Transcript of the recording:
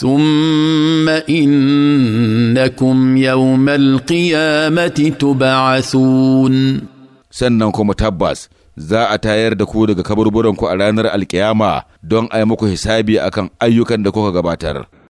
ثم إنكم يوم القيامة تبعثون sannan kuma tabbas za a tayar da ku daga kaburburanku a ranar alkiyama don a yi muku hisabi akan ayyukan da kuka gabatar.